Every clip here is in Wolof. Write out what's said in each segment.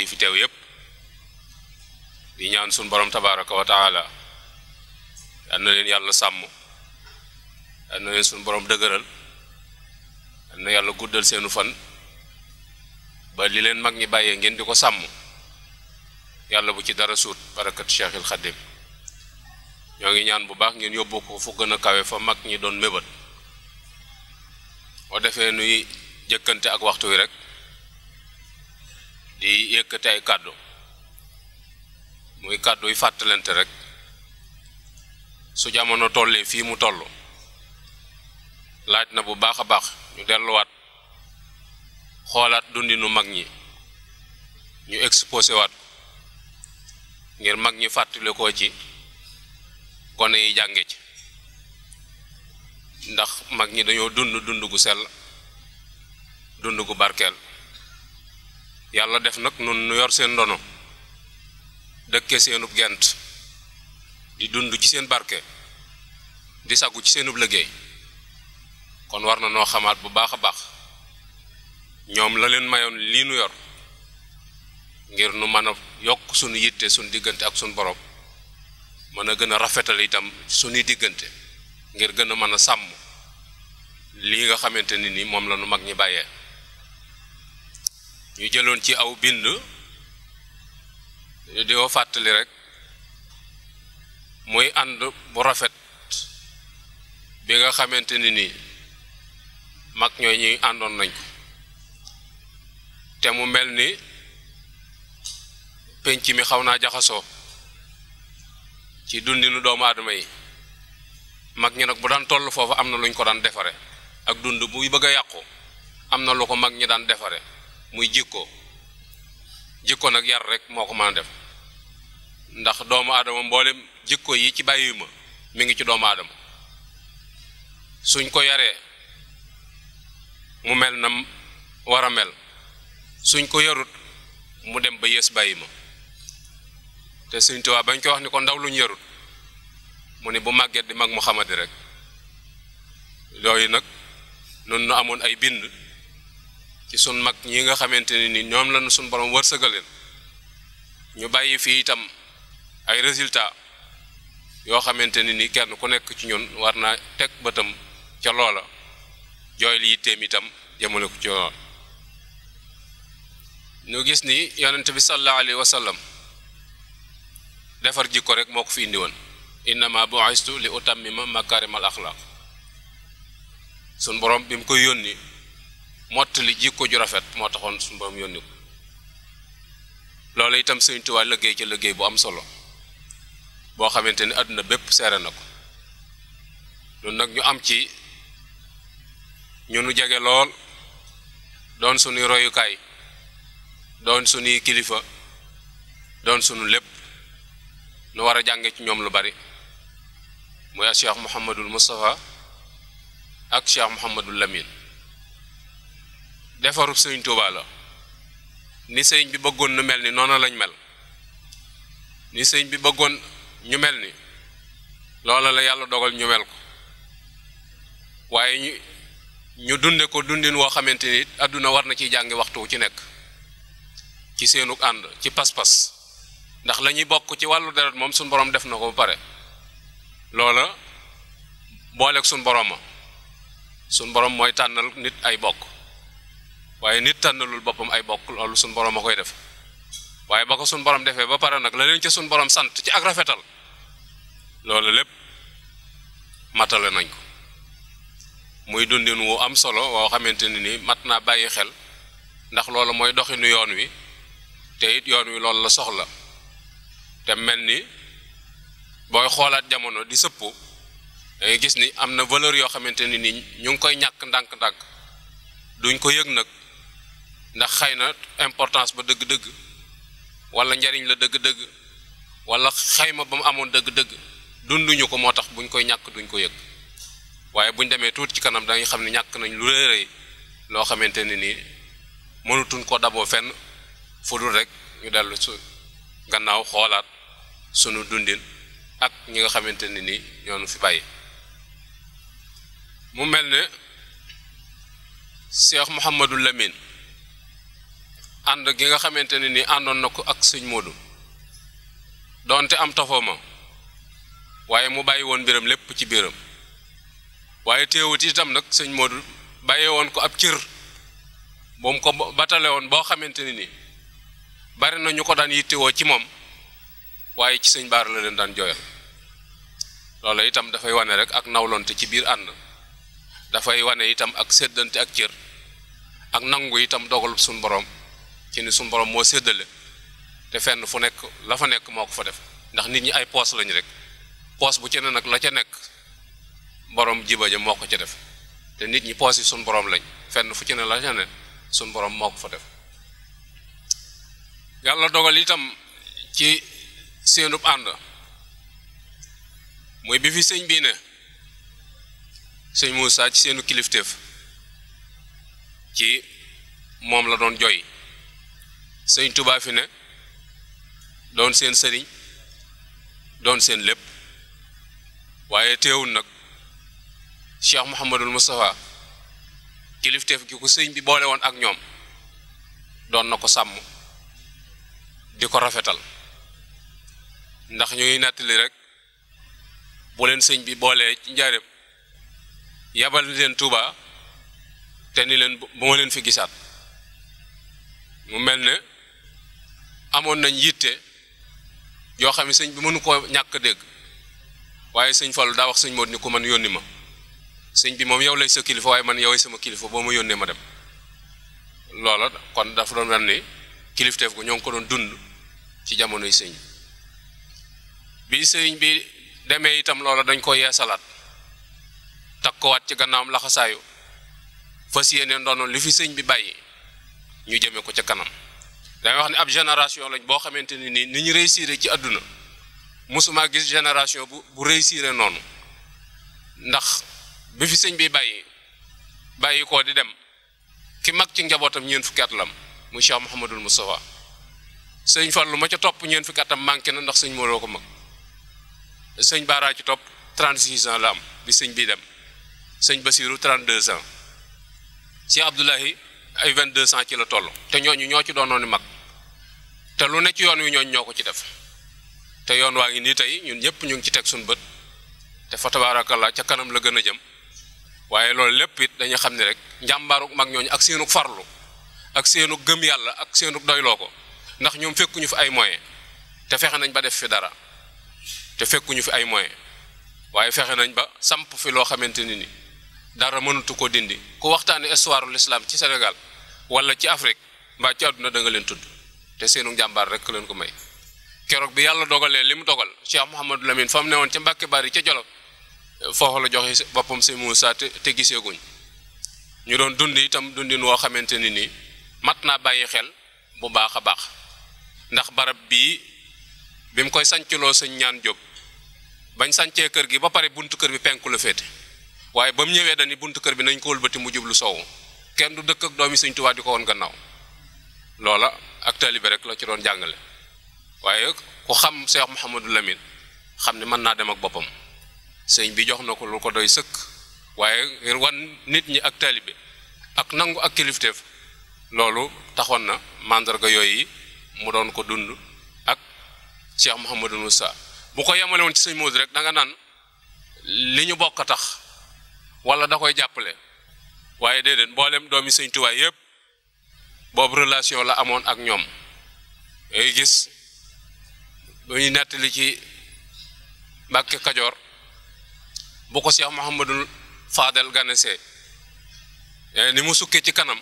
yi fi teew yépp di ñaan suñ borom tabaraka wa taala yal na leen yàlla sàmm yal na leen suñ borom dëgëral yal na yàlla guddal seenu fan ba li leen mag ñi bàyyee ngeen di ko sàmm yàlla bu ci dara suut barakat Cheikhul Khadim ñoo ngi ñaan bu baax ngeen yóbbu ko fu gën kawe fa mag ñi doon mébët boo defee nuy jëkkante ak waxtu wi rek di yëkkati ay kàddu muy kàddu yu fàttalante rek su jamono tollee fii mu tollu laaj na bu baax a baax ñu delluwaat xoolaat dundinu mag ñi ñu exposé waat ngir mag ñi fàttalikoo ci gone yi jànge ci ndax mag ñi dañoo dund dund gu sell dund gu barkeel yàlla def nag nun nu yor seen ndono dëkke seenub gent di dund ci seen barke di sàkku ci seenub liggéey kon war na noo xamaat bu baax a baax ñoom la leen mayoon lii nu yor ngir nu mën a yokk sunu yitte sunu diggante ak sunu borom mën a gën a rafetal itam sunuy diggante ngir gën a mën a sàmm lii nga xamante ni ni moom la nu mag ñi bàyyee ñu jëloon ci aw bind di ko fàttali rek muy ànd bu rafet bi nga xamante ni nii mag ñoo ñuy àndoon nañ te mu mel ni penc mi xaw naa jaxasoo ci dundinu doomu aadama yi mag ñi nag bu daan toll foofu am na lu ñu ko daan defare ak dund buy bëgg a yàqu am na lu ko mag ñi daan defare muy jikko jikko nag yar rek moo ko mën a def ndax doomu aadama mboole jikko yi ci bàyyi ma mi ngi ci doomu aadama suñ ko yaree mu mel na war a mel suñ ko yarut mu dem ba yées bàyyi ma te Sëriñ Tuubaa bañ ko wax ni ko ndaw luñ yarut mu ne bu màgget di mag mu xamadi rek yooyu nag noonu nu amoon ay bind ci sun mag ñi nga xamante ne nii ñoom lañu suñ borom wërsëgaleen ñu bàyyi fii itam ay résultat yoo xamante ne ni kenn ku nekk ci ñun war naa teg bëtam ca loola jooy li yitteem itam jëmale ko ci loola ñu gis ni yonent bi sallallahu alayhi wa sallam defar jikko rek moo ko fi indi woon innama bu'istu li utammima makarimal axlaq sun borom bi mu koy yónni mottali jikko ju rafet moo taxoon suñu borom yónni ko loolu itam Sëriñ Tuubaa liggéey ca liggéey bu am solo boo xamante ni àdduna bépp seere na ko ñun nag ñu am ci ñu nu jege lool doon suñuy royukaay doon suñuy kilifa doon suñu lépp nu war a jànge ci ñoom lu bari muy a Cheikh Mouhamadul Moustapha ak Cheikh Mouhamadul Lamine defarub sëriñ Tuuba la ni sëriñ bi bëggoon nu mel ni noonu lañu mel ni sëriñ bi bëggoon ñu mel ni loola la yàlla dogal ñu mel ko waaye ñu dunde ko dundin woo xamante ni àdduna war na ciy jàngi waxtu ci nekk ci seenug ànd ci pas-pas ndax lañuy bokk ci wàllu deret moom suñ borom def na ko ba pare loola booleeg suñ borom ma suñ borom mooy tànnal nit ay bokk waaye nit tànnalul boppam ay bokk loolu suñu borom a koy def waaye ba ko suñu borom defee ba pare nag la leen ca suñu borom sant ci ak rafetal loolu lépp matale nañ ko muy dundin wu am solo woo xamante ne ni mat naa bàyyi xel ndax loolu mooy doxinu yoon wi te it yoon wi loolu la soxla te mel ni booy xoolaat jamono di sëpp dangay gis ni am na valeur yoo xamante ni ni ñu ngi koy ñàkk ndànk-ndànk duñ ko yëg nag ndax xëy na importance ba dëgg-dëgg wala njariñ la dëgg-dëgg walla xayma ba mu amoon dëgg-dëgg dunduñu ko moo tax buñ koy ñàkk duñ ko yëg waaye buñ demee tuuti ci kanam dañuy xam ne ñàkk nañ lu rëy loo xamante ne nii mënutuñ ko daboo fenn fu dul rek ñu dellu su gannaaw xoolaat sunu dundin ak ñi nga xamante ne nii ñoonu fi bàyyi mu mel ne Cheikh Mouhamadou Lamine ànd gi nga xamante ne ni àndoon na ko ak sëñ Modou doonte am tafoo ma waaye mu bàyyi woon mbiram lépp ci biiram waaye teewut itam nag sëñ Modou bàyyi woon ko ab cër moom ko batale woon boo xamante ne ni bari na ñu ko daan yittewoo ci moom waaye ci sëñ baar la leen daan jooyal loolu itam dafay wane rek ak nawlonte ci biir ànd dafay wane itam ak seddante ak cër ak nangu itam dogal suñu boroom ci ni suñu borom moo séddale te fenn fu nekk la fa nekk moo ko fa def ndax nit ñi ay poos lañu rek poos bu ci ne nag la ca nekk borom jiba ja moo ko ca def te nit ñi poos yi suñ borom lañ fenn fu ci ne la ca ne suñu borom moo ko fa def yàlla dogal itam ci seenub ànd mooy bi fi sëñ bii ne sëñ Moussa ci seenu kilifteef ci moom la doon joy sëñ Tuubaa fi ne doon seen sëriñ doon seen lépp waaye teewul nag Cheikh Mouhamadul Moustapha kilifte gi ko sëñ bi boole woon ak ñoom doon na ko sàmm di ko rafetal ndax ñuy nettali rek bu leen sëñ bi boolee ci njaareem yabal leen Tuubaa te ni leen bu ma leen fi gisaat mu mel ne amoon nañ yitte yoo xam ne sëñ bi mënu koo ñàkk dégg waaye sëñ Fallou daa wax sëñ Modou ni ku man yónni ma sëñ bi moom yow lay sa kilifa waaye man yow sama kilifa boo ma yónnee ma dem loola kon dafa doon wan ni kilifteef ko ñoo ngi ko doon dund ci jamonoy sëñ bi bi sëñ bi demee itam loola dañ koo ko yeesalaat takkuwaat ci gannaawam laxasaayu fas yéene ndono li fi sëñ bi bàyyi ñu jëmee ko ci kanam damay wax ne ab génération lañ boo xamante ne nii ni ñu réussir ci adduna mosuma gis génération bu bu réussir noonu ndax bi fi sëñ bi bàyyi bàyyi koo di dem ki mag ci njabootam ñeent fukki at lam muy Cheikh Mouhamadul Moustapha sëñ lu ma ca topp ñeent fukki atam manqué na ndax sëñ Modou ko mag sëñ Baara ci topp 36 ans la am bi sëñ bi dem sëñ Basiru 32 ans Cheikh Abdoulahi ay 22 ans ci la toll te ñooñu ñoo ci doonoon ni mag te lu ne ci yoon wi ñooñ ñoo ko ci def te yoon waa ngi nii tey ñun ñëpp ñu ngi ci teg suñu bët te fa tabaarakallah ca kanam la gën a jëm waaye loolu lépp it dañu xam ne rek njàmbaaruk mag ñooñu ak seenu farlu ak seenu gëm yàlla ak seenug doyloo ko ndax ñoom fekkuñu fi ay moyen te fexe nañ ba def fi dara te fekkuñu fi ay moyen waaye fexe nañ ba samp fi loo xamante ni ni dara mënatu ko dindi ku waxtaane histoire lislaam ci senegal wala ci Afrique mbaa ci àdduna da leen tudd te seenu njàmbaar rek leen ko may keroog bi yàlla dogalee li mu dogal Cheikh Mouhamadou Lamine fa mu ne woon ca Mbàkke Bari ca jolo foofu la joxe boppam si Moussa te te giseeguñ ñu doon dund itam dundin woo xamante ni nii mat naa bàyyi xel bu baax a baax ndax barab bii bi mu koy sancloo sëñ ñaan jóg bañ sancee kër gi ba pare buntu kër bi penku la féete waaye ba mu ñëwee dañi buntu kër bi nañ ko wëlbati mu jublu soowu kenn du dëkk ak doomi sëñ Tuubaa di ko woon gannaaw loola ak taalibe rek la ci doon jàngale waaye ku xam Cheikh Mouhamadou Lamine xam ne mën naa dem ak boppam sëñ bi jox na ko lu ko doy sëkk waaye ngir wan nit ñi ak taalibe ak nangu ak kilifteef loolu taxoon na mandarga yooyu mu doon ko dund ak Cheikh Mouhamadou Moussa bu ko yemale woon ci sëñ Modou rek da nga naan li ñu bokk a tax walla da koy jàppale waaye déedéet mboolem doomi sëñ Tuubaa yëpp. boobu relation la amoon ak ñoom ngay gis ba ñuy nettali ci Mbàkke Kajoor bu ko Cheikh Mouhamadul Fadel ganese ni mu sukkee ci kanam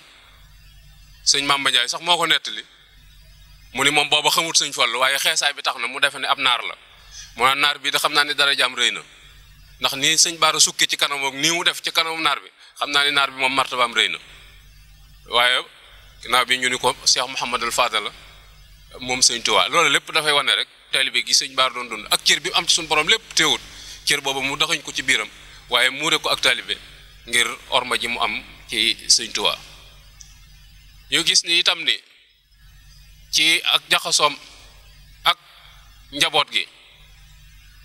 sëñ Mamba Ndiaye sax moo ko nettali mu ni moom booba xamut sëñ Fallu waaye xeesaay bi tax na mu defe ni ab naar la mu naan naar bii da xam naa ne dara jaam rëy na ndax nii sëñ Baara sukkee ci kanam ak nii mu def ci kanamu naar bi xam naa ne naar bi moom martabaam rëy na waaye ginnaaw bi ñu ni ko Cheikh Mouhamadul Fadal la moom sëñ Tuubaa loolu lépp dafay wane rek taalibe gi sëñ Baar doon dund ak cër bi am ci suñu borom lépp teewut cër boobu mu daxañ ko ci biiram waaye muure ko ak taalibe ngir orma ji mu am ci sëñ Tuubaa ñu gis ni itam ni ci ak jaxasoom ak njaboot gi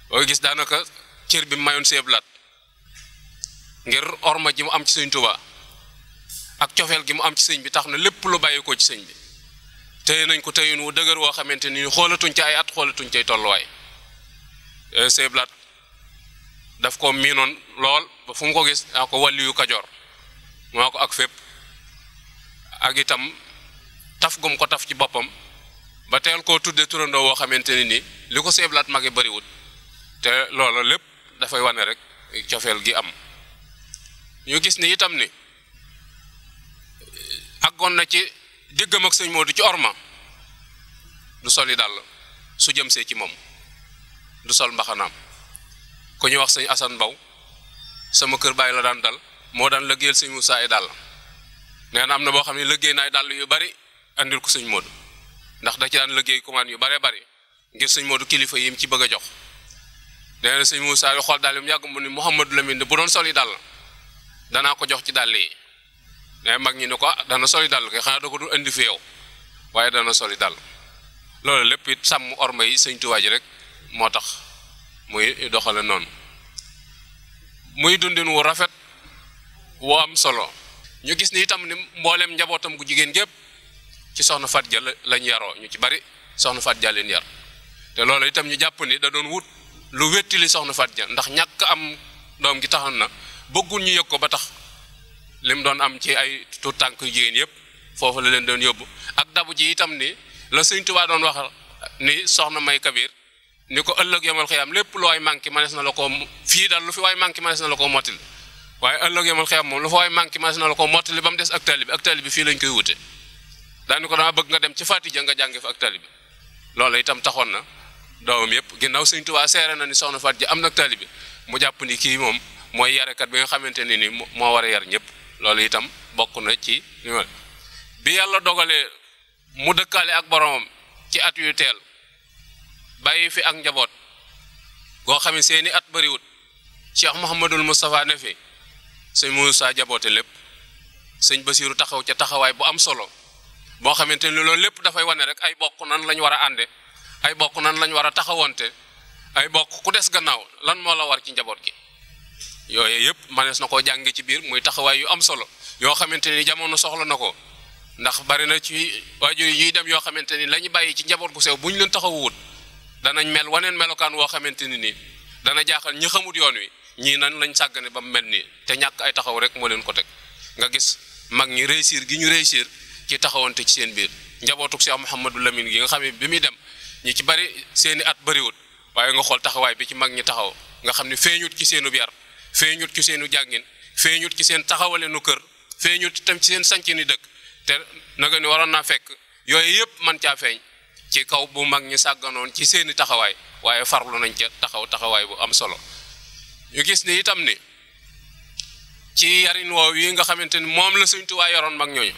boo gis daanaka cër bi mu mayoon seeblaat ngir orma ji mu am ci sëñ Tuubaa ak cofeel gi mu am ci sëñ bi tax na lépp lu bàyyi ko ci sëñ bi téye nañ ko téyin wu dëgër woo xamante ni xoolatuñ ci ay at xoolatuñ cay tolluwaay euh, seeblaat daf ko miinoon lool ba fu mu ko gis daa ko wàlliyu kajoor moo ko ak fépp ak itam taf gum ko taf ci boppam ba teel koo tudde turandoo woo xamante ni ni li ko seeblaat magi bariwut te loola lépp dafay wane rek cofeel gi am ñu gis ni itam ni àggoon na ci diggam ak sëñ Modou ci orma du sol yi dàll su jëm see ci moom du sol mbaxanaam ku ñu wax sëñ Assane Mbaw sama kër bàyyi la daan dal moo daan lëggéeyal sëñ Moussa ay dàll nee na am na boo xam ne lëggéey naay dàll yu bari indil ko sëñ Modou ndax da ci daan lëggéey commande yu baree bari ngir sëñ Modou kilifa yi mu ci bëgg a jox nee na sëñ yu xool dàll yi mu yàgg mu ni Mouhamadou Lamine bu doon sol yi dàll danaa ko jox ci dàll yi ne eh, mag ñu ne ko ah, dana soli dal kay xanaa ko dul indi fi yow waaye dana soli daal loolu lépp it sàmm orma yi sëñ Tuubaa ji rek moo tax muy doxale noonu muy dundin wu rafet woo am solo ñu gis ni itam ni mbooleem njabootam ku jigéen gépp ci soxna Fat Ja lañ yaroo ñu ci bari soxna Fat Ja leen yar te loolu itam ñu jàpp ni da doon wut lu wettili soxna Fat Ja ndax ñàkk am doom gi taxoon na bëggul ñu yëg ko ba tax li mu doon am ci ay tuut tànk jigéen yëpp foofu la leen doon yóbbu ak dabu ji itam ni la Sëñ Tuubaa doon wax ni soxna May Kabir ni ko ëllëg yomal xiyaam lépp lu waay manqué manees na la ko fii daal lu fi waay manqué manees la ko mottil waaye ëllëg yomal xiyaam moom lu fa waay manqué manees ba mu des ak taalibe bi ak taalibe fii lañ koy wute daani ko dama bëgg nga dem ci Fatiha nga jànge fa ak taalibe bi loolu itam taxoon na doomam yëpp ginnaaw Sëñ Tuubaa seere na ni soxna Faat ji am na taalibe bi mu jàpp ni kii moom mooy yarekat bi nga xamante ne ni moo war a yar ñëpp loolu itam bokk na ci bi yàlla dogalee mu dëkkaale ak boromam ci at yu teel bàyyi fi ak njaboot goo xam ne seeni at bariwut cheikh Mouhamadul Moustapha ne fi sëñ Moussa jaboote lépp sëñ Basiiru taxaw ca taxawaay bu am solo boo xamante ni loolu lépp dafay wane rek ay bokk nan lañ war a ànde ay bokk nan lañu war a taxawante ay bokk ku des gannaaw lan moo la war ci njaboot gi yooyu yëpp manees na koo jàng ci biir muy taxawaay yu am solo yoo xamante ni jamono soxla na ko ndax bari na ci waajur yuy dem yoo xamante ni la bàyyi ci njaboot gu sew bu ñu leen taxawuwut danañ mel waneen melokaan woo xamante ni nii dana jaaxal ñi xamut yoon wi ñii nan lañ sàggane ba mu mel nii te ñàkk ay taxaw rek moo leen ko teg nga gis mag ñi réussir gi ñu réussir ci taxawante ci seen biir njabootuk Cheikh Mouhamadou Lamine gi nga xam ne bi muy dem ñi ci bari seeni at bariwut waaye nga xool taxawaay bi ci mag ñi taxaw nga xam ne feeñut ci seenu bi feeñut ci seenu jàngin feeñut ci seen taxawale nu kër feeñut itam ci seen sanc ni dëkk te naka ni waroon naa fekk yooyu yëpp man caa feeñ ci kaw bu mag ñi sàgganoon ci seeni taxawaay waaye farlu nañ ca taxaw taxawaay bu am solo ñu gis ni itam ni ci yarin woow yi nga xamante ni moom la Sëñ Tuubaa yaroon mag ñooñu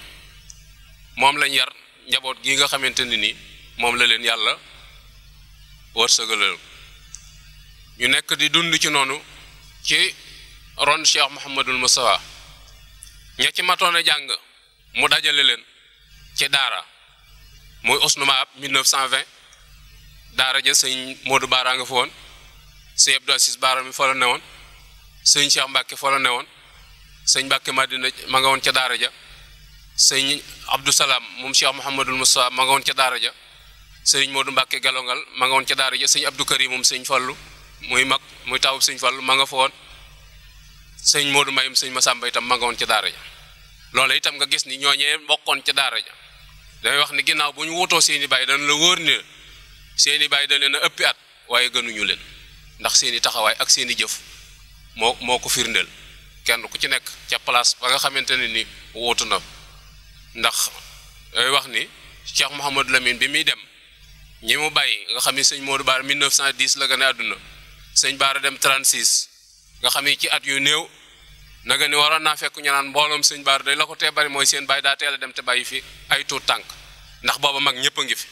moom lañ yar njaboot gi nga xamante ni nii moom la leen yàlla wërsëgalal ñu nekk di dund ci noonu ci ron cheikh Mouhamadul Moustapha ña ci jàng mu dajale leen ci daara muy Usnu Maab 1920 daara ja sëñ Modou Baara nga foon woon sëñ Abdou Aziz Baara mi fa la newoon sëñ Cheikh Mbacke fa la newoon sëñ Mbacke Madina ma nga woon ca daara ja sëñ Abdou Salam moom Cheikh Mouhamadul Moustapha ma woon ca daara ja sëñ Modou Mbacke Galongal ma woon ca daara ja sëñ Abdou Karim moom sëñ Fallu muy mag muy tawub sëñ Fallu ma foon sëñ moodu Mayum sëñ Masamba itam ma ca daara ja loola itam nga gis ni ñooñee bokkoon ca daara ja damay wax ni ginnaaw bu ñu wutoo seeni i baay dana la wóor ne seen i baay da leen a ëppi at waaye gënuñu leen ndax seen i taxawaay ak seeni jëf moo moo ko firndeel kenn ku ci nekk ca place ba nga xamante ne ni wóotu na ndax damay wax ni Cheikh Mouhamadou Lamine bi muy dem ñi mu bàyyi nga xam ni sëñ Modou Baara 1910 la gën àdduna sëñ Baara dem 36. nga xam ne ci at yu néew naga ni waroon naa fekk ñu naan mbooloom sëñ baar day la ko tee bari mooy seen bàyyi daa teel a dem te bàyyi fi ay tuut tànk ndax booba mag ñëpp a ngi fi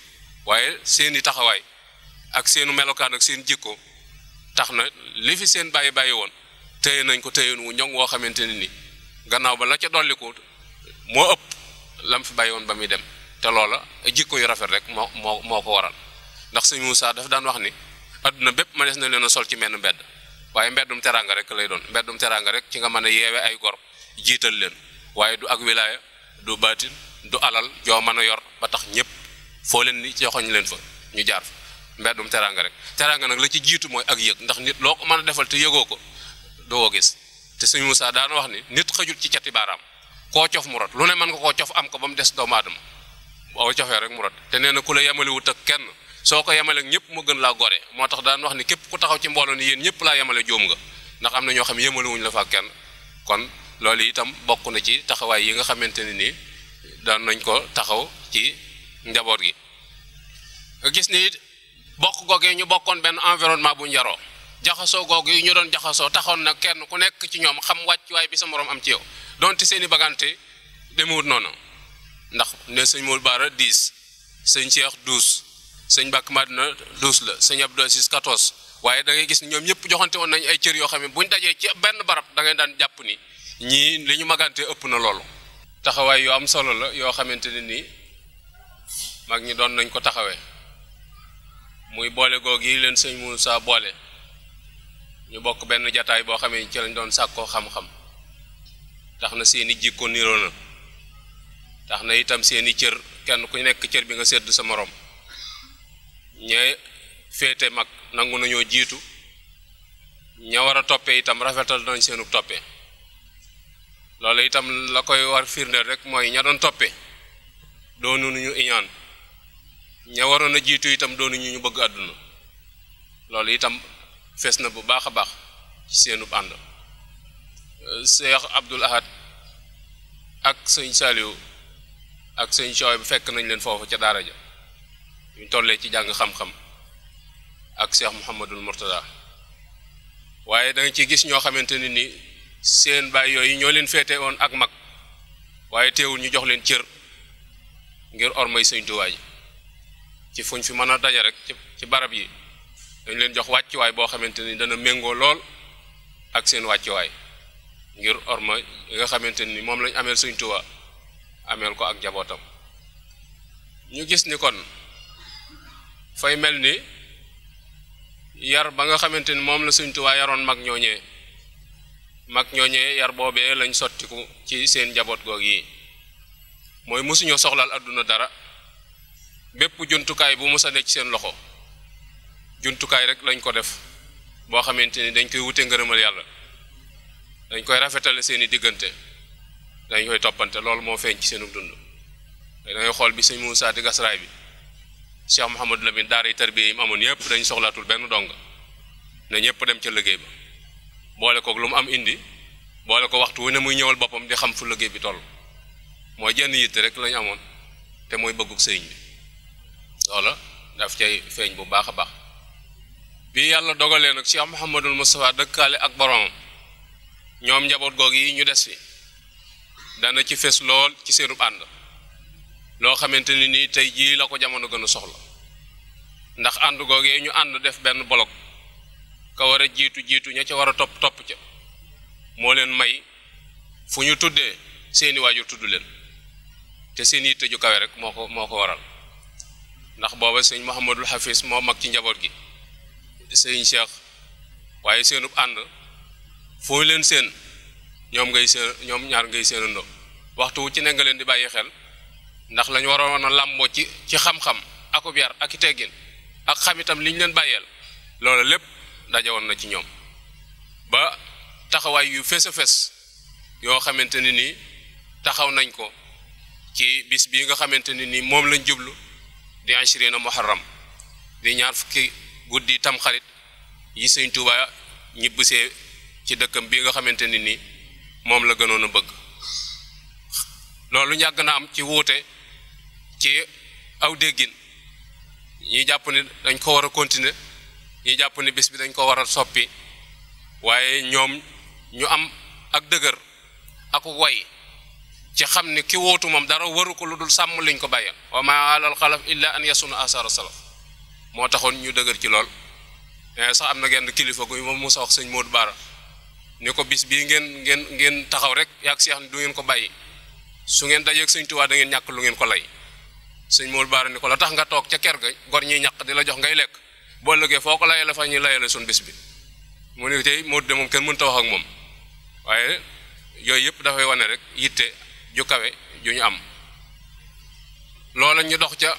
waaye seeni taxawaay ak seenu melokaan ak seen jikko tax na li fi seen bàyyi bàyyi woon téye nañ ko téye wu ñoŋ woo xamante ne ni gannaaw ba la ca dolliku moo ëpp lam fi bàyyi woon ba muy dem te loola jikko yu rafet rek moo moo moo ko waral ndax sëñ Moussa dafa daan wax ni adduna bépp ma des na leen a sol ci menn mbedd waaye mbeddum teraanga rek lay doon mbeddum teraanga rek ci nga mën a yeewe ay gor jiital leen waaye du ak wilaaya du baatin du alal joo mën a yor ba tax ñëpp foo leen ni joxoñ leen fa ñu jaar fa mbeddum teraanga rek teraanga nag la ci jiitu mooy ak yëg ndax nit loo ko mën a defal te yëgoo ko doo gis te suñu Musaa daana wax ni nit xajul ci cati baaraam koo cof mu rot lu ne mën nga koo cof am ko ba mu des doomu aadama boo cofee rek mu rot te nee soo ko yemale ñëpp mu gën laa gore moo tax daan wax ni képp ku taxaw ci mbooloo ni yéen ñëpp laa yemale joom nga ndax am na ñoo xam ne yemaluwuñ la fa kenn kon loolu itam bokk na ci taxawaay yi nga xamante ne nii daan nañ ko taxaw ci njaboot gi gis ni it bokk googee ñu bokkoon benn environnement bu njaroo jaxasoo googu yi ñu doon jaxasoo taxoon na kenn ku nekk ci ñoom xam wàccuwaay bi sa morom am ci yow donte seen i bagante demewut noonu ndax ne sëñ Moul Baara 10 sëñ Cheikh 12 sëñ Mbàkke na douze la sëñ Abdou Aziz quatorze waaye dangay ngay gis ñoom ñëpp joxante woon nañ ay cër yoo xam ne buñ dajee ci benn barab da ngay daan jàpp ni ñii li ñu magantee ëpp na loolu taxawaay yoo am solo la yoo xamante ne nii mag ñi doon nañ ko taxawee muy boole googu yi leen sëñ Moussa boole ñu bokk benn jataay boo xamee ci lañ doon sàkkoo xam-xam tax na seeni jikko niroo na tax na itam seeni cër kenn ku nekk cër bi nga sédd sa moroom ñee féete mag nangu nañoo jiitu ña war a toppee itam rafetal nañ seenu toppe loolu itam la koy war firndeel rek mooy ña doon doonu doonuñu iñaan ña waroon a jiitu itam doonu ñu bëgg àdduna loolu itam fees na bu baax a baax ci seenub ànd Cheikh Abdul Ahad ak sëñ Saliou ak sëñ Sooy bu fekk nañ leen foofu ca daara ja ñu tollee ci jàng xam-xam ak Cheikh Mouhamadul Mourtada waaye da nga gis ñoo xamante ne ni seen baay yooyu ñoo leen féete woon ak mag waaye teewul ñu jox leen cër ngir ormay Sëñ Tuubaa ci fuñ fi mën a daje rek ci barab yi dañ leen jox wàccuwaay boo xamante ni dana méngoo lool ak seen wàccuwaay ngir orma nga xamante ni moom lañ ameel Sëñ ameel ko ak jabootam ñu gis ni kon fay mel ni yar ba nga xamante ni moom la Sëñ waa yaroon mag ñooñee mag ñooñee yar boobee lañ sottiku ci seen njaboot goog yi mooy mosuñoo soxlal àdduna dara bépp juntukaay bu mos a ci seen loxo juntukaay rek lañ ko def boo xamante ni dañ koy wute ngërëmal yàlla dañ koy rafetale seeni diggante dañ koy toppante loolu moo feeñ ci seenu dund da ngay xool bi sëñ Moussa di gasraay bi Cheikh Mouhamadou Lamine daara yi tarbiya yi mu amoon yëpp dañu soxlaatul benn dong na ñëpp dem ca liggéey ba boole kook lu mu am indi boole ko waxtu wu ne muy ñëwal boppam di xam fu liggéey bi toll mooy jenn yitte rek lañu amoon te mooy bëggug sëriñ bi loola daf cay feeñ bu baax a baax bi yàlla dogalee nag Cheikh Mouhamadul Moustapha dëkkaale ak boromam ñoom njaboot goog yi ñu des fi dana ci fes lool ci seenu ànd loo xamante ni nii tey jii la ko jamono gën a soxla ndax ànd googee ñu ànd def benn bolok ka war a jiitu jiitu ña ca war a topp topp ca moo leen may fu ñu tuddee seeni waajur tudd leen te seeni yitte kawe rek moo ko moo ko waral ndax booba sëñ Mouhamadul Hafiz moo mag ci njaboot gi sëñ Cheikh waaye seenub ànd foo leen seen ñoom ngay seen ñoom ñaar ngay seenandoo waxtu wu ci ne nga leen di bàyyi xel ndax lañu waroon a làmboo ci ci xam-xam akub ak i teggin ak xam itam liñ leen bàyyeel loolu lépp dajawoon na ci ñoom ba taxawaay yu fés a yoo xamante ne nii taxaw nañ ko ci bis bii nga xamante ne nii moom lañ jublu di ashirina muharram di ñaar fukki guddi tamxarit yi sëñ Tuubaa ñibbisee ci dëkkam bii nga xamante ne nii moom la gënoon a bëgg loolu yàgg na am ci wuute ci aw déggin ñi jàpp ni dañ koo war a continuer ñi jàpp ni bis bi dañ koo war a soppi waaye ñoom ñu am ak dëgër ak way ci xam ni ki wootu moom dara waru ko lu dul sàmm liñ ko bàyya wa ma alal xalaf illa an yasuna asara salaf moo taxoon ñu dëgër ci lool eh, sax am na genn kilifa gu moom Musa wax sëñ Modou Bara ni ko bis bii ngeen ngeen ngeen taxaw rek yaag seex ni du ngeen ko bàyyi su ngeen dajeeg sëñ Tuubaa da ngeen ñàkk lu ngeen ko lay sëñ Mool Baara ni ko la tax nga toog ca ker ga gor ñiy ñàq di la jox ngay lekk boo ëllëgee foo ko layee la fa ñuy lay la suñ bis bi mu ne tey moo de moom kenn mënta wax ak moom waaye yooyu yëpp dafay wane rek yitte ju kawe ju ñu am loola ñu dox ca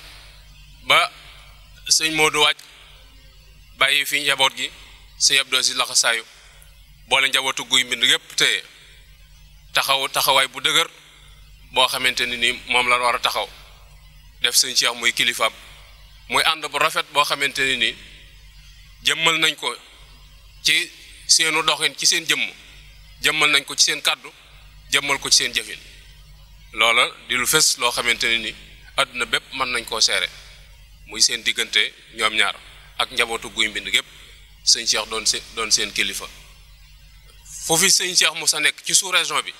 ba sëñ Moodu wàcc bàyyi fi njaboot gi sëñ Abdou si laxa saayu boole njabootu guy mbind yépp téye taxaw taxawaay bu dëgër boo xamante ne ni moom la war a taxaw def sëñ Cheikh muy kilifaam muy ànd bu rafet boo xamante ne ni jëmmal nañ ko ci seenu doxin ci seen jëmm jëmmal nañ ko ci seen kàddu jëmmal ko ci seen jëfin loola di lu fës loo xamante ne ni àdduna bépp mën nañ koo seere muy seen diggante ñoom ñaar ak njabootu guy mbind gépp sëñ Cheikh doon seen kilifa foofu sëñ Cheikh Moussa nekk ci sous-région bi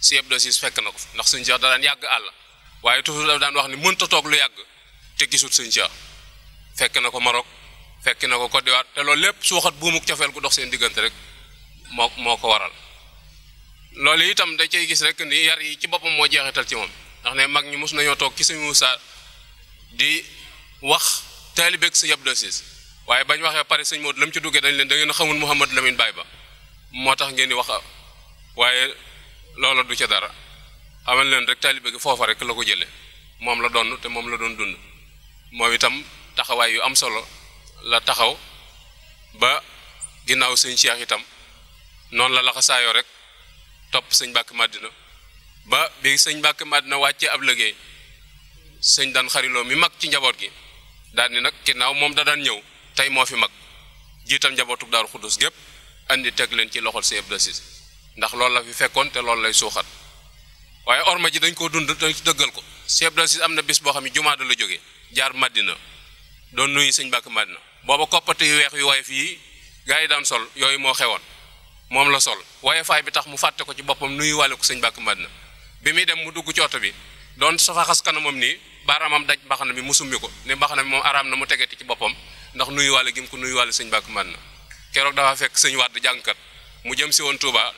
si Abdou Aziz fekk na ko fi ndax sëñ Cheikh da daan yàgg àll waaye toujours daf daan wax ni mënta toog lu yàgg te gisut sëñ Cheikh fekk na ko Maroc fekk na ko Côte d'Ivoire te loolu lépp suuxat buumuk cofeel gu dox seen diggante rek moo moo ko waral loolu itam da cay gis rek ni yar yi ci boppam moo jeexital ci moom ndax ne mag ñi mos nañoo toog ci sëñ Moussa di wax taalibeeg sëñ Abdou Aziz waaye bañ waxee pare sëñ Maodo la mu ci duggee dañ leen da ngeen a xamul Mouhamadou Lamine ba moo tax ngeen di wax loola du ca dara xamal leen rek taalibe gi foofa rek la ko jële moom la doon te moom la doon dund moom itam taxawaay yu am solo la taxaw ba ginnaaw sëñ Cheikh itam noonu la laxasaayoo rek topp sëñ Mbàkke Madina ba bi sëñ Mbàkke Madina wàccee ab liggéey sëñ daan xariloo mi mag ci njaboot gi daal ni nag ginnaaw moom da daan ñëw tey moo fi mag jiital njabootuk daaru xuddus gépp andi teg leen ci loxol seeb Abdou ndax loolu la fi fekkoon te loolu lay suuxat waaye orma ji dañ koo dund dañ dëggal ko chef de service am na bis boo xam ne jumaada la jógee jaar Madina doon nuyu sëñ Mbàkke Madina booba koppate yu weex yu waaye fii gars yi daan sol yooyu moo xewoon moom la sol waaye faay bi tax mu fàtte ko ci boppam nuyu nuyuwaale ko sëñ Mbàkke Madina bi muy dem mu dugg cooto bi doon sofa xas kanamam nii baaraamam daj mbaxana bi mu summi ko ne mbaxana mi moom araam na mu tegeti ci boppam ndax nuyuwaale gi mu ko nuyuwaale sëñ Mbàkke Madina keroog dafa fekk sëñ Wàdd jàngkat mu jëm si woon Touba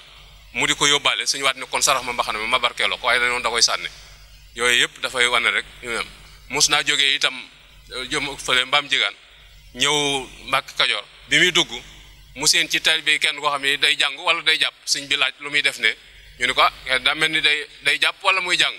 mu di ko yóbbaale suñ waat ne kon sarax ma mbaxana ma barkeeloo ko waaye dañoon da koy sànni yooyu yëpp dafay wane rek ñu naa jógee itam euh, jëm mbaam jigaan ñëw Mbàkke Kajoor bi muy dugg mu seen ci taalibe bi kenn koo xam ne day jàng wala day jàpp sëñ bi laaj lu muy def ne ñu ni ko ah eh, daa mel ni day day jàpp wala muy jàng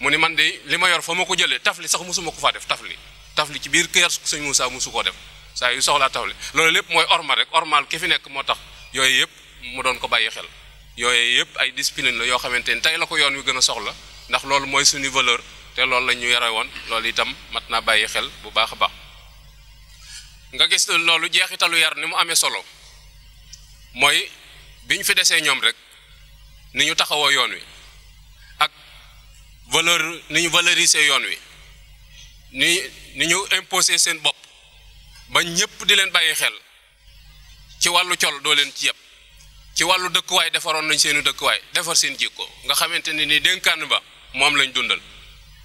mu ni man de li ma yor foo ma ko jëlee tafli sax musuma ko faa def tafli tafli ci biir kër sëñ Moussa musu koo def saa yu soxlaa li loolu lépp mooy orma rek ormal ki fi nekk moo tax yooyu yëpp mu doon ko bàyyi xel yooyu yëpp ay discipline la yoo xamante ni tey la ko yoon wi gën a soxla ndax loolu mooy suñu valeur te loolu la ñu yore woon loolu itam mat naa bàyyi xel bu baax a baax nga gis loolu talu yar ni mu amee solo mooy bi ñu fi desee ñoom rek ni ñu taxawoo yoon wi ak valeur ni ñu valoriser yoon wi ni ni ñu imposer seen bopp ba ñëpp di leen bàyyi xel ci wàllu col doo leen ci yëpp ci wàllu dëkkuwaay defaroon nañ seeni dëkkuwaay defar seen jikko nga xamante ne nii dénkaan ba moom lañ dundal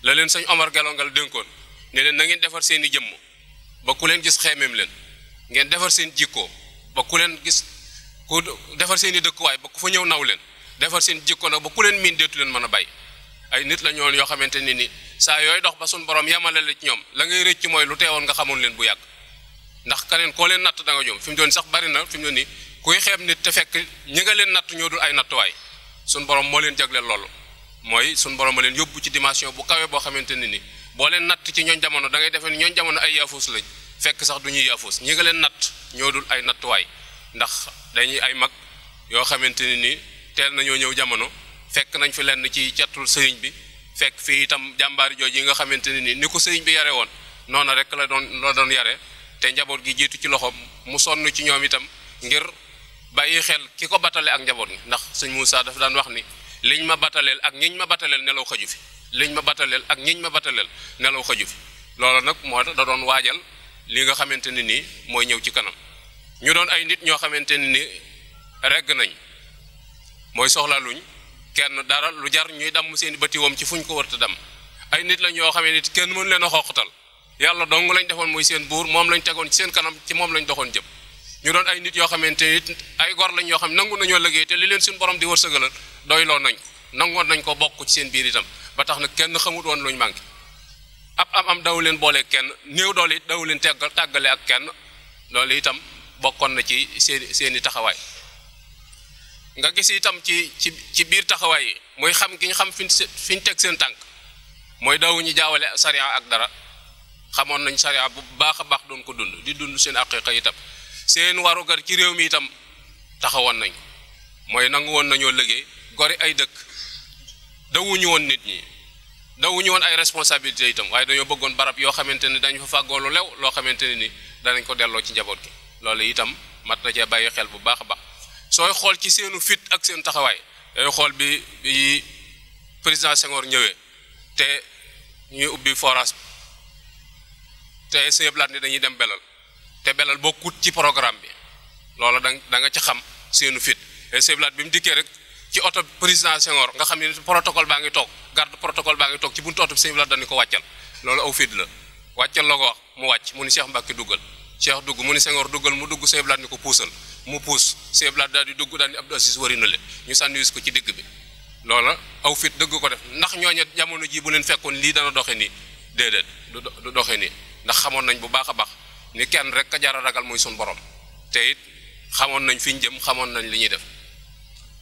la leen sëñ Omar Galongal dénkoon ne leen na ngeen defar seen i jëmm ba ku leen gis xeemeem leen ngeen defar seen jikko ba ku leen gis ku defar seen i dëkkuwaay ba ku fa ñëw naw leen defar seen jikko nag ba ku leen miin deetu leen mën a bay ay nit la ñoon yoo xamante ne ni saa yooy dox ba suñ borom yamale la ci ñoom la ngay rëcc mooy lu teewoon nga xamoon leen bu yàgg ndax keneen leen natt da nga fi mu doon sax bari na fi mu ni kuy xeeb nit te fekk ñi leen natt ñoo dul ay nattuwaay suñ borom moo leen jagleel loolu mooy suñ borom a leen yóbbu ci dimension bu kawee boo xamante ne ni boo leen natt ci ñooñ jamono da defee ni ñooñ jamono ay yaafus lañ fekk sax du ñuy yaafus ñi nga leen natt ñoo dul ay nattuwaay ndax dañuy ay mag yoo xamante ne ni teel nañoo ñëw jamono fekk nañ fi lenn ci cattul sëriñ bi fekk fii itam jàmbaari jooj yi nga xamante ne ni ni ko sëriñ bi yare woon noonu rek la doon la doon yare te njaboot gi jiitu ci loxo mu sonn ci ñoom itam ngir bàyyi xel ki ko batale ak njaboot gi ndax sëñ Moussa dafa daan wax ni liñ ma bataleel ak ñiñ ma bataleel nelaw xaju fi liñ ma bataleel ak ñiñ ma bataleel nelaw xaju fi loolu nag moo da doon waajal li nga xamante ne nii mooy ñëw ci kanam ñu doon ay nit ñoo xamante ne ni regg nañ mooy soxla luñ kenn dara lu jar ñuy damm seen i batiwoom ci fuñ ko wërta damm ay nit lañ ñoo xamee nit kenn mënu leen a xooqatal yàlla dong lañ defoon muy seen buur moom lañ tegoon ci seen kanam ci moom lañ doxoon jëm ñu doon ay nit yoo xamante nit ay gor lañ yoo xam nangu nañoo liggéey te li leen suñu borom di wërsëgalal doyloo nañ ko nangoon nañ ko bokk ci seen biir itam ba tax na kenn xamut woon luñ manqué ab am am daw leen boolee kenn néew doole it daw leen teggal tàggale ak kenn loolu itam bokkoon na ci seen seeni taxawaay nga gis itam ci ci ci biir taxawaay yi muy xam gi ñu xam fi fi ñu teg seen tànk mooy daawuñu jaawale sariya ak dara xamoon nañ sariya bu baax a baax doon ko di dund seen aqiqa itam seen warugar ci réew mi itam taxawoon nañ mooy nangu woon nañoo liggéey gori ay dëkk dawuñu woon nit ñi dawuñu woon ay responsabilité itam waaye dañoo bëggoon barab yoo xamante ne dañu fa fàggoo loo xamante ne ni danañ ko delloo ci njaboot gi loolu itam mat na cee bàyyi xel bu baax a baax sooy xool ci seenu fit ak seen taxawaay yooyu xool bi bi président Senghor ñëwee te ñuy ubbi forage te sëñ ni dañuy dem belal te belal bokkut ci programme bi loola da da ci xam seenu fit seblaat bi mu dikkee rek ci oto président Senghor nga xam ne protocole baa ngi toog garde protocole baa ngi toog ci buntu oto seblaat dañu ko wàccal loolu aw fit la wàccal la ko wax mu wàcc mu ni Cheikh Mbacke duggal Cheikh dugg mu ni Senghor duggal mu dugg seblaat ni ko puusal mu puus seblaat daal di dugg daal di Abdou Aziz wari na le ñu sànniwis ko ci digg bi loola aw fit dëgg ko def ndax ñooñu jamono ji bu leen fekkoon lii dana doxe nii déedéet du doxe nii ndax xamoon nañ bu baax a baax ni kenn rek a jar a ragal muy suñ borom te xamoon nañ fi ñu jëm xamoon nañ li ñuy def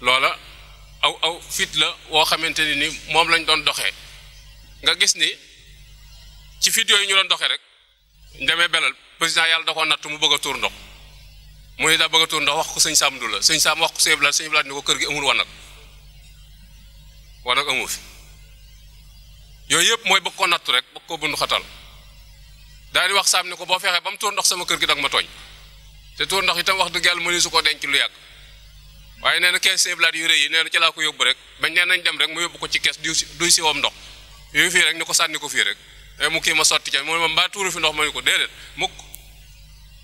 loola aw aw fit la woo xamante ni ni moom lañ doon doxee nga gis ni ci fit yooyu ñu doon doxe rek demee belal président yàlla da ko mu bëgg a tuur ndox mu ne daa bëgg a tuur ndox wax ko sëñ Saam du la sëñ Saam wax ko sëñ Blaat sëñ Blaat ni ko kër gi amul wanag wanag amu fi yooyu yëpp mooy bëgg ko nattu rek bëgg ko bundu xatal daal di wax saam ni ko boo fexee ba mu tuur ndox sama kër gi danga ma tooñ te tuur ndox itam wax dëgg yàlla mënu su ko denc lu yàgg waaye nee na kees seeblaat yu rëy yi nee na ci laa ko yóbbu rek bañ nee nañ dem rek mu yóbbu ko ci kees duy si duy si woom ndox yooyu fii rek ni ko sànni ko fii rek mu kii ma sotti ca mu ne ma mbaa tuuru fi ndox ma ni ko déedéet mukk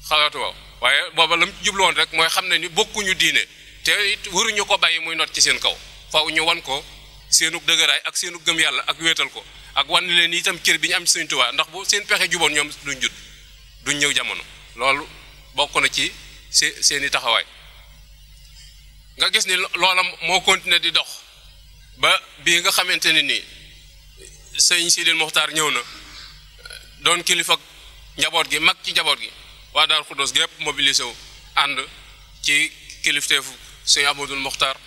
xalaatu waaw waaye booba la mu jubloon rek mooy xam ne ni bokkuñu diine te wuruñu ko bàyyi muy not ci seen kaw faaw ñu wan ko seenug dëgëraay ak seenug gëm yàlla ak wéetal ko ak wan leen itam cër bi ñu am ci Sëriñ Tuubaa ndax bu seen pexe juboon ñoom duñ jut duñ ñëw jamono loolu bokk na ci see seeni taxawaay nga gis ni loola moo continuer di dox ba bii nga xamante ne nii sëñ Sidil Moxtaar ñëw na doon kilifa njaboot gi mag ci njaboot gi waa daal Xuddoos gi yëpp mobilisé wu ànd ci kilifteefu sëñ Amadul Moxtaar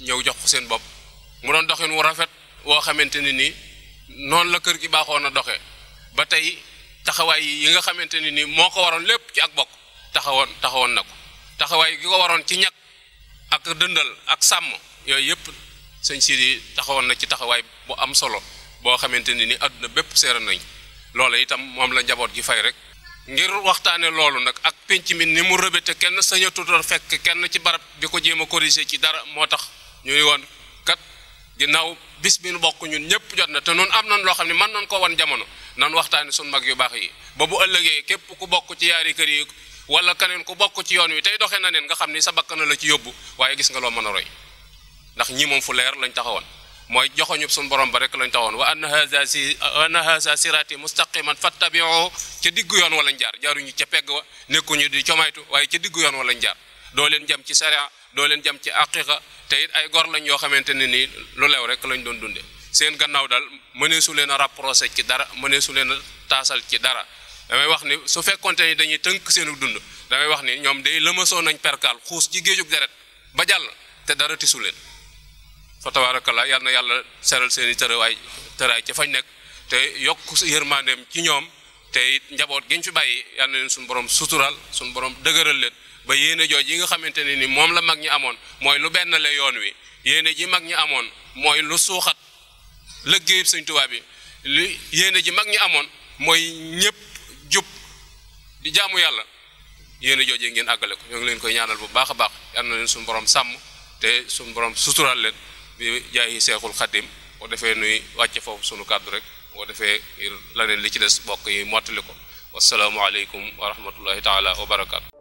ñëw jox ko seen bopp mu doon doxin wu rafet woo xamante ne nii noonu la kër gi baaxoon a doxe ba tey taxawaay yi nga xamante ne nii moo ko waroon lépp ci ak bokk taxawoon taxawoon na ko taxawaay gi ko waroon ci ñàkk ak dëndal ak sàmm yooyu yëpp sëñ Sidi taxawoon na ci taxawaay bu am solo boo xamante ne ni àdduna bépp seera nañ loolu itam moom la njaboot gi fay rek ngir waxtaane loolu nag ak pénc mi ni mu rëbete kenn sañatutoon fekk kenn ci barab bi ko jéem a corriger ci dara moo tax ñuy woon kat ginnaaw bis bi bokk ñun ñëpp jot na te nun am nan loo xam ne mën nañ ko wan jamono nan waxtaani suñ mag yu baax yi ba bu ëllëgee képp ku bokk ci yaari kër yi wala keneen ku bokk ci yoon wi tey doxee na neen nga xam ni sa bakkan la ci yóbbu waaye gis nga loo mën a roy ndax ñi moom fu leer lañ taxawoon mooy joxoñub suñ borom ba rek lañ taxawoon wa anna haza si anna haza sirati mustaqiman fattabi'u ca diggu yoon walañ jaar jaaruñu ca pegg nekkuñu di comaytu ca diggu yoon walañ jaar doo leen jam ci sariya doo leen jam ci aqiqa te it ay gor lañ yoo xamante ne nii lu lew rek lañu doon dundee seen gannaaw daal mëneesu leen a rapproché ci dara mëneesu leen taasal ci dara damay wax ni su fekkonte ni dañuy tënk seenu dund damay wax ni ñoom day lëmasoo nañ perkaal xuus ci géejug deret ba jàll te dara tisu leen fa tabaarakallaa yal na yàlla seral seen i tërawaay tëraay ci fañ nekk te yokk yërmandeem ci ñoom te njaboot giñ fi bàyyi yal na suñu borom sutural suñu borom dëgëral leen ba yéene jooj yi nga xamante ne ni moom la mag ñi amoon mooy lu benn la yoon wi yéene ji mag ñi amoon mooy lu suuxat lëggéeyub sëñ Tuubaa bi li yéene ji mag ñi amoon mooy ñëpp jub di jaamu yàlla yéene joojee ngeen àggale ko ñoo leen koy ñaanal bu baax a baax yal na leen suñu borom sàmm te su borom sutural leen bi jaayi seexul xaddim boo defee nuy wàcce foofu sunu kàddu rek boo defee laneen li ci des bokk yi mottali ko wasalaamualeykum wa rahmatullahi taala wa